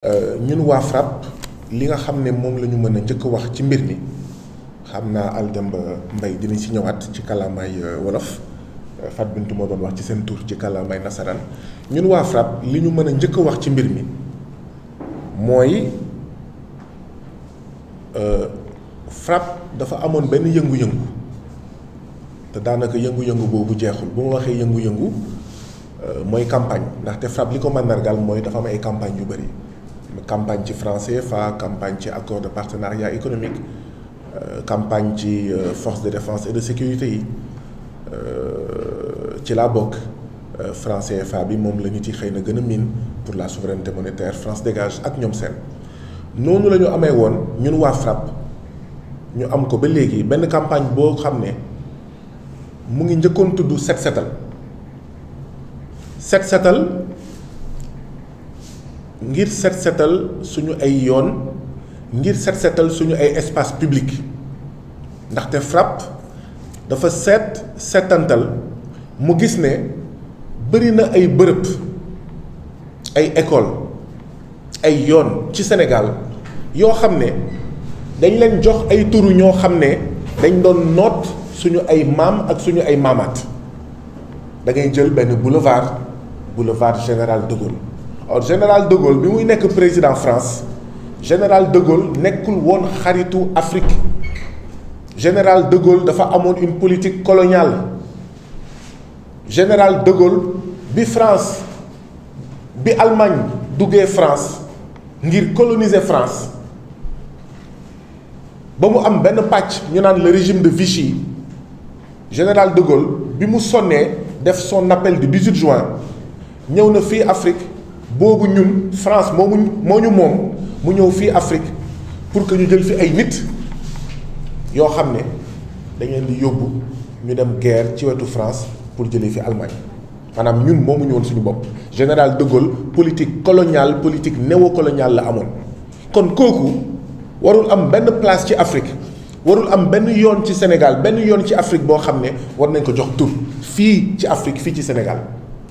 Euh, ñun waa FRAPP li nga xam ne moom la ñu mën a njëkk wax ci mbir mi xam naa Aldemba Mbaye dina si ñëwaat ci kàllaamay euh, wolof euh, Fat Bintou moo doon wax ci seen tur ci kàllaamay nasaraan ñun waa FRAPP li ñu mën a njëkk wax ci mbir mi mooy dafa amoon benn yëngu-yëngu te daanaka yëngu-yëngu boobu jeexul bu ma waxee yëngu-yëngu mooy campagne ndaxte FRAPP li ko mooy dafa am ay campagne yu bëri campagne ci France CFA campagne ci accord de partenariat économique euh, campagne ci euh, force de défense et de sécurité yi euh, ci la bokk CFA bi mom la ñu ci xeyna gëna pour la souveraineté monétaire France dégage ak ñom seen nonu lañu amé won nous ñun wa frappe... ñu am ko ba légui ben campagne est... xamné ne mu ngi njëkkoon tuddu set setal set setal ngir set setal suñu ay yoon ngir set setal suñu ay espace public ndaxte FRAPP dafa set setantal mu gis ne bëri na ay bërëb ay école ay yoon ci Sénégal yoo xam ne dañ leen jox ay turu ñoo xam ne dañ doon noot suñu ay maam ak suñu ay maamaat da ngay jël benn boulevard boulevard Général de Gaulle or général de Gaulle bi n'est que président de France général de Gaulle n'est woon de Afrique général de Gaulle a fait une politique coloniale général de Gaulle bi France bi Allemagne duggee France ngir coloniser France ba mu am ben patch, ñu le régime de Vichy général de Gaulle bi mou def son appel du 18 juin nous avons fait Afrique bobu ñun France mon moñu mom Afrique pour que ñu jël fi ay nit yo xam di guerre ci wetu France pour jël fi Allemagne manam ñun ñu won suñu bop général de Gaulle politique coloniale politique néocoloniale la amoon kon koku warul am ben place ci Afrique warul am ben yoon ci Sénégal ben yoon ci Afrique bo war nañ ko jox Afrique fi ci Sénégal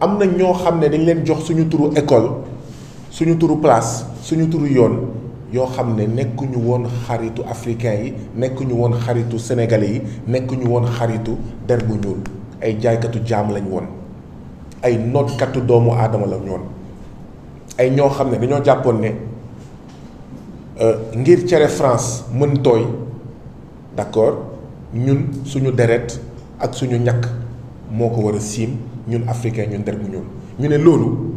am na ñoo xam ne dañ leen jox suñu turu école suñu turu place suñu turu yoon yoo xam ne nekkuñu woon xaritu africain yi nekkuñu woon xaritu sénégalais yi nekkuñu woon xaritu der bu ñuul ay jaaykatu jaam lañ woon ay nootkatu doomu aadama lañ woon ay ñoo xam ne dañoo jàppoon ne euh, ngir cere France mën tooy d'accord ñun suñu deret ak suñu ñakk moko wara sim, ñun africain ñun der ñun ñu né lolu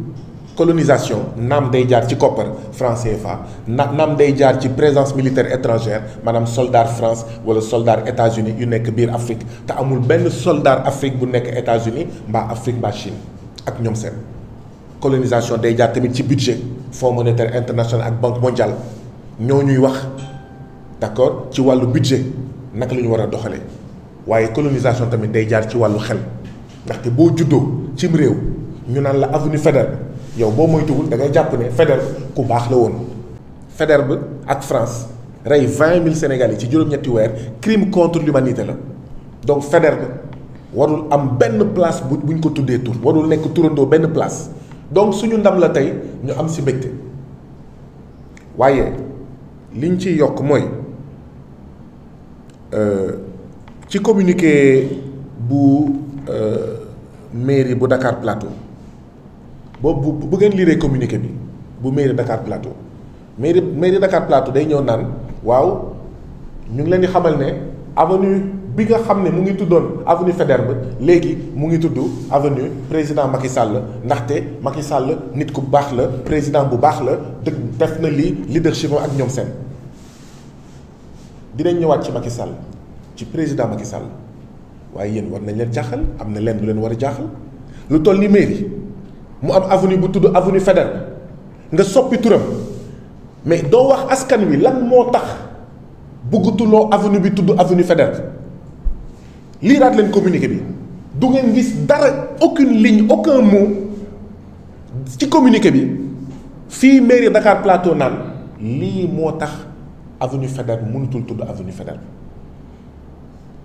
colonisation nam day jaar ci copper français fa nam day jaar ci présence militaire étrangère madame soldat France wala soldat États-Unis yu nek biir Afrique ta amul ben soldat Afrique bu nek États-Unis ba Afrique ba Chine ak ñom seen colonisation day jaar tamit ci budget Fonds monétaire international ak Banque mondiale ñoo ñuy wax d'accord ci walu budget nak la ñu war a colonisation tamit day jaar ci walu xel ndaxte boo juddoo cim réew ñu naan la avenue Faidherbe yow boo moytuwul da ngay jàpp ne Faidherbe ku baax la woon. Faidherbe ak France rey vingt mille Sénégalais ci juróom-ñetti weer crime contre l'humanité la donc Faidherbe warul am benn place bu buñ ko tuddee tur warul nekk turandoo benn place donc suñu ndam la tey ñu am si mbégte waaye liñ ciy yokk mooy euh, ci communiqué bu. Euh, mairie de Dakar Plateau Si bu bu lire communiqué bi bu de Dakar Plateau Maire de Dakar Plateau day ñëw naan waaw ñu ngi avenue bi nga xam avenue léegi mu avenue président Macky Sall ndaxte Macky Sall nit ku président bu leadership ak ñoom seen dinañ ci Macky Sall ci président Macky Sall waaye yéen war nañ leen jaaxal am na leen lu leen war a jaaxal lu toll ni mairie mu am avenue bu tudd avenue Faidherbe nga soppi turam mais doo wax askan wi lan moo tax bëggatuloo avenue bi tudd avenue Faidherbe liiraat leen communiqué bi du ngeen gis dara aucune ligne aucun mot ci communiqué bi fii mairie Dakar Plateau naan lii moo tax avenue Faidherbe mënutul tudd avenue Faidherbe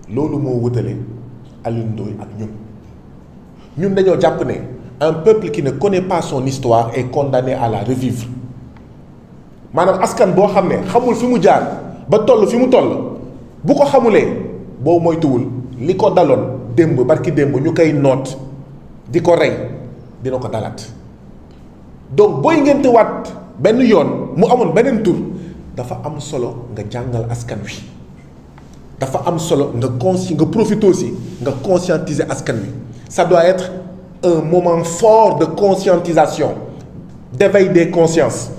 c'est mo wutale nous avons ak nous. ñun dañoo japp un peuple qui ne connaît pas son histoire est condamné à la revivre manam askan bo xam xamul fi mu jaar ba toll fi toll bu ko xamulé bo moytuwul liko dalon demb barki ñu donc si wat benn yoon mu dafa am solo nga jangal askan dafa am solo nga cons nga profité aussi nga conscientiser askan wi ça doit être un moment fort de conscientisation d'éveil des consciences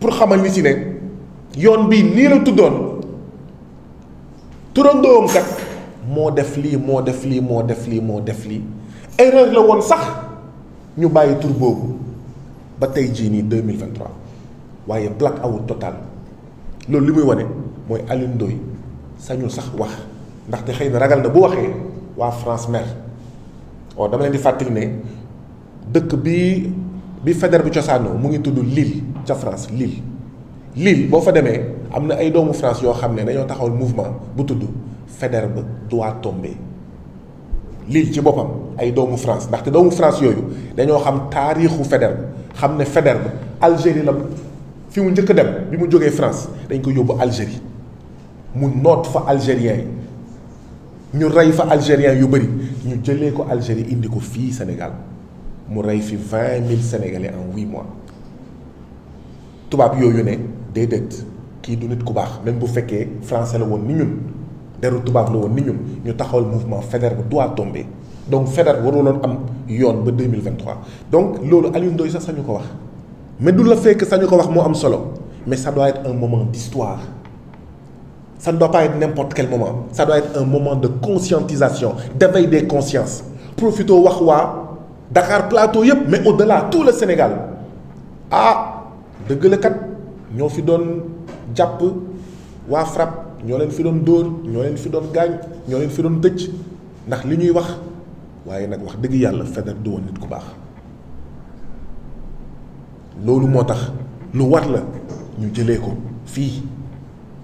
pour xamal ni ci ne yoon bi ni la tuddoon turandoom kat mo def li mo def li mo def li mo def li erreur la won sax ñu bàyyi tur bobu ba tay ji ni 2023 black out total loolu li muy wane mooy Alioune sañu sax wax ndaxte xëy na ragal na bu waxee waa France mer oo dama leen di fàttali ne dëkk bi bi feder bi cosaanoo mu ngi tudd Lille ca France Lille Lille boo fa demee am na ay doomu France yoo xam ne dañoo taxawal mouvement bu tudd ba doit tomber Lille ci boppam ay doomu France ndaxte doomu France yooyu dañoo xam taarixu Faidherbe xam ne ba Algérie la fi mu njëkk dem bi mu jógee France dañ ko yóbbu Algérie Nous fa algérien ñu algérien Algérie Sénégal Nous avons 20 20 sénégalais en 8 mois Tout monde ne dettes qui du nit ku baax même si les français la woon ni ñun deru mouvement Faidherbe doit tomber donc am 2023. donc sañu mais nous la que sañu mais ça doit être un moment d'histoire ça ne doit pas être n'importe quel moment ça doit être un moment de conscientisation d'éveil des consciences profitez wax Dakar Plateau mais au-delà tout le Sénégal ah kat fi wa frappe, fi dor, fi fi fait ndax que wax waye nak wax deug yalla do nit ku bax lolou motax lu la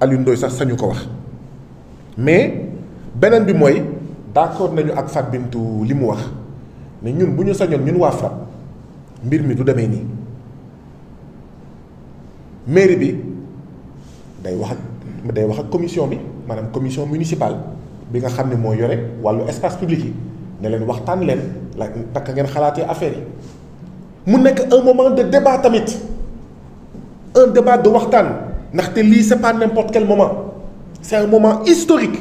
à Ndoye sax sañu ko mais benen bi d'accord nañu ak Fat Bintou limu wax ne ñun buñu ñun wa nous mbir mi du mairie bi day wax commission bi commission municipale bi nga xamné espace public yi ne un moment de débat tamit un débat de que ce c'est pas n'importe quel moment c'est un moment historique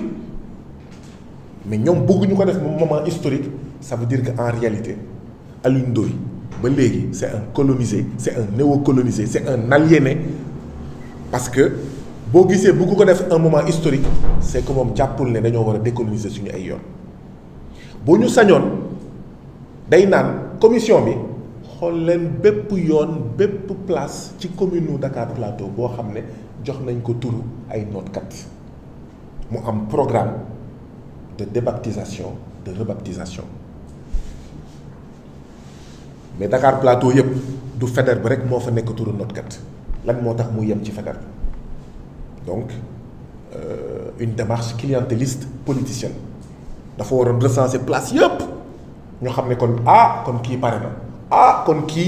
mais ñoom nous ko un moment historique ça veut dire qu'en réalité à Ndoye ba c'est un colonisé c'est un néocolonisé c'est un aliéné parce que si on bëgg un moment historique c'est comme si on ne décoloniser suñu ay Si on ñu sañoon day commission bi xool leen place ci commune Dakar Plateau bo xamné jox nañ ko turu ay nootkat mu am programme de débaptisation de rebaptisation mais Dakar Plateau yépp du Faidherbe bi rek mo fa nekk turu nootkat lan moo mu yem ci Faidherbe donc euh, une démarche clientéliste politicienne fa waroon recenser place yépp ñu xamné kon ah kon ki paré na ah kon ki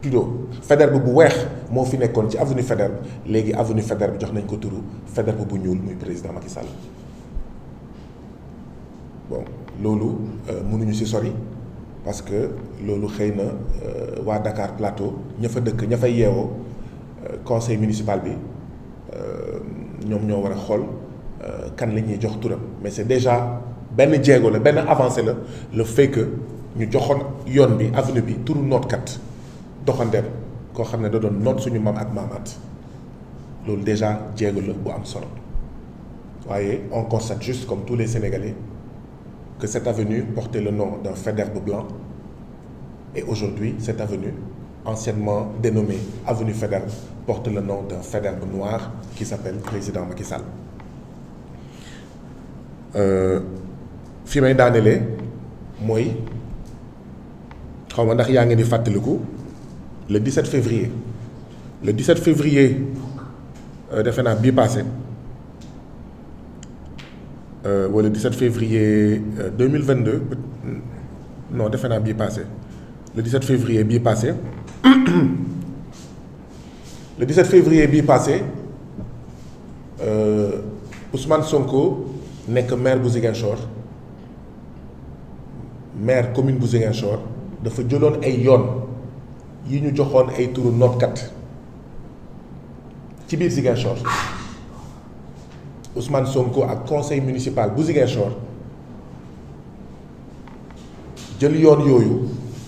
plutôt Feder bu wex mo fi nekkoon ci avenue Feder legui avenue Faidherbe jox nañ ko turu Feder bu ñuul muy président Macky Sall bon Lolo, euh, mënuñu ci sori parce que lolu xeyna na euh, Dakar Plateau ña fa dëkk ña fay yeewoo euh, conseil municipal bi ñom ñoo wara xol kan lañ ñuy jox turam mais c'est déjà ben jéego la avancé la le fait que ñu joxone yone bi avenue bi turu 4 doxandeem koo xam ne da doon noot suñu mam ak maamaat loolu déjà jéego la bu am solo waaye on constate juste comme tous les Sénégalais que cette avenue portait le nom d'un Fédère blanc et aujourd'hui cette avenue anciennement dénommée avenue Fédère, porte le nom d'un Fédère noir qui s'appelle président Macky Sall euh, fi may daanelee mooy xaw ma ndax yaa ngi di fàttaliku le 17 février le 17 février de a bien passé le 17 février 2022 non a bien passé le 17 février bien passé le 17 février bien passé Ousmane Sonko n'est que maire de maire commune bu de et ay yi ñu joxoon ay turu ci biir Ziguinchor Ousmane Sonko le conseil municipal bu Ziguinchor jël yoon yooyu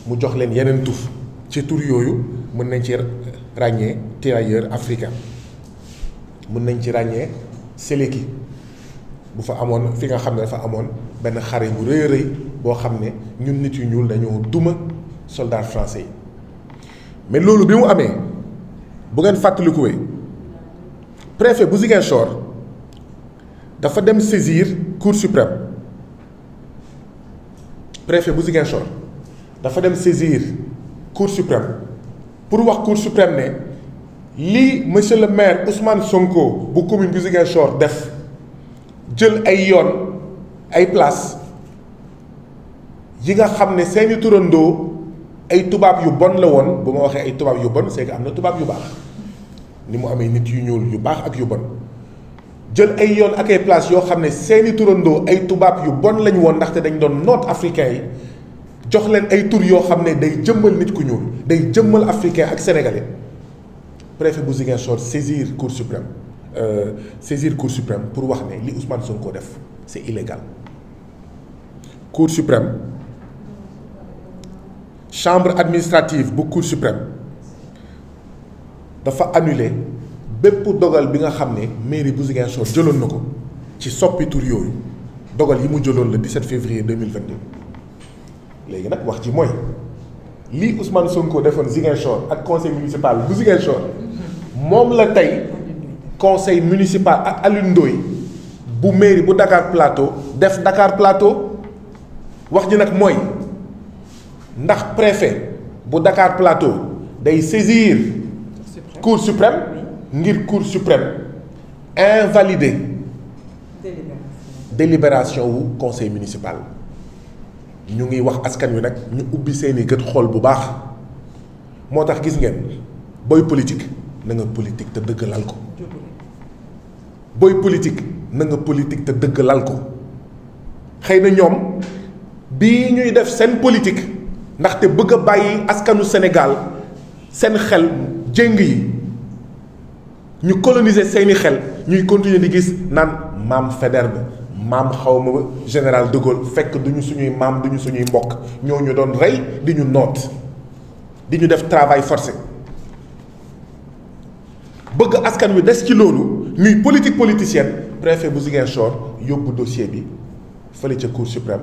mu jox leen tuf ci tur yooyu mën nañ ci ràññee tirailleur africain mën nañ ci ràññee Séléki bu fa amoon fi nga xam ne duma soldats français mais loolu bi Si vous bu le Le préfet bu Chor dafa dem saisir cour suprême préfet Chor dafa saisir cour suprême pour wax cour suprême Ce monsieur le maire Ousmane Sonko bu commune bu def a ay ay place yi nga Toronto. ay tubaab yu bon la woon bu ma waxee ay tubaab yu bon c'est am na tubaab yu baax ni mu amee nit yu ñuul yu baax ak yu bon jël ay yoon ak ay place yoo xam ne seeni turandoo ay tubaab yu bon lañu woon ndaxte dañ doon noot africain yi jox leen ay tur yoo xam ne day jëmmal nit ku ñuul day jëmmal africain ak sénégalais préfet bu Ziguinchor saisir cour suprême euh, saisir cour suprême pour wax ne li Ousmane koo def c'est illégal cour suprême chambre administrative beaucoup cour suprême a annulé bépp dogal bi nga xam ne mairie bu qui jëloon ci soppi dogal yi le 17 février 2022 léegi nag wax ji mooy Ousmane Sonko defoon Ziguinchor ak conseil municipal bu la conseil municipal ak bu mairie Dakar Plateau def Dakar Plateau wax ndax préfet bu Dakar Plateau day saisir cour suprême ngir cour suprême invalider délibération ou conseil municipal ñu ngi wax askan wi nak ñu ubbi seeni gët bu politique na nga politique te dëgg lal ko politique na nga politique te dëgg lal ko xeyna politique ndaxte bëgg a askanu Sénégal seen xel jéng yi ñu coloniser seeni xel ñuy continuer di gis naan maam des maam Nous général de Gaulle fekk duñu suñuy maam duñu suñuy mbokk ñoo ñu def travail forcé bëgg askan wi des ci loolu ñuy politique politicienne préfet bu nous yóbbu dossier bi fële ca cour suprême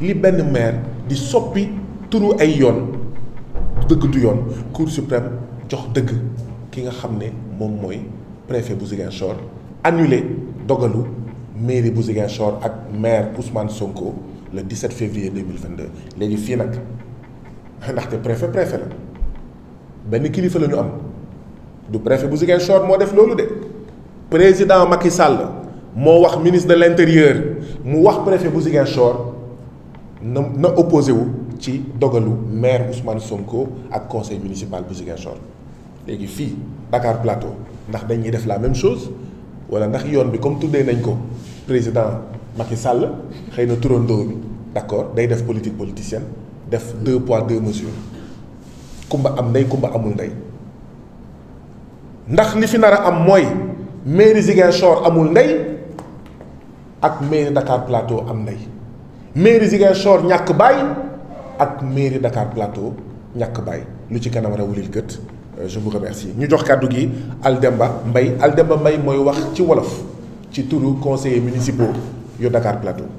li ben maire di soppi turu ay yoon dëgg du yoon cour suprême jox dëgg ki nga xam ne moom mooy préfet bu Ziguinchor annulé dogalu mairie bu Chor ak maire Ousmane Sonko le 17 février 2022 léegi fii nag ndaxte préfet préfet la benn kilifa la ñu am du préfet bu Chor moo def loolu de président Macky Sall moo wax ministre de l'Intérieur, intérieur mu wax préfet bu Chor na na opposé wu ci dogalu maire Ousmane Sonko ak conseil municipal bu Ziguinchor légui fi Dakar Plateau ndax ni def la même chose wala ndax yoon bi comme tuddee nañ ko président Macky Sall xeyna na turandoo bi d'accord day def politique politicienne def deux poids deux mesures kumba am nday kumba amul nday ndax li fi nara am moy maire Ziguinchor amul nday ak maire Dakar Plateau am nday mairie Ziguinchor ñak bàyyi ak mairie Dakar Plateau euh, je vous remercie ñu jox Aldemba Aldemba Mbaye wax ci wolof ci turu Dakar Plateau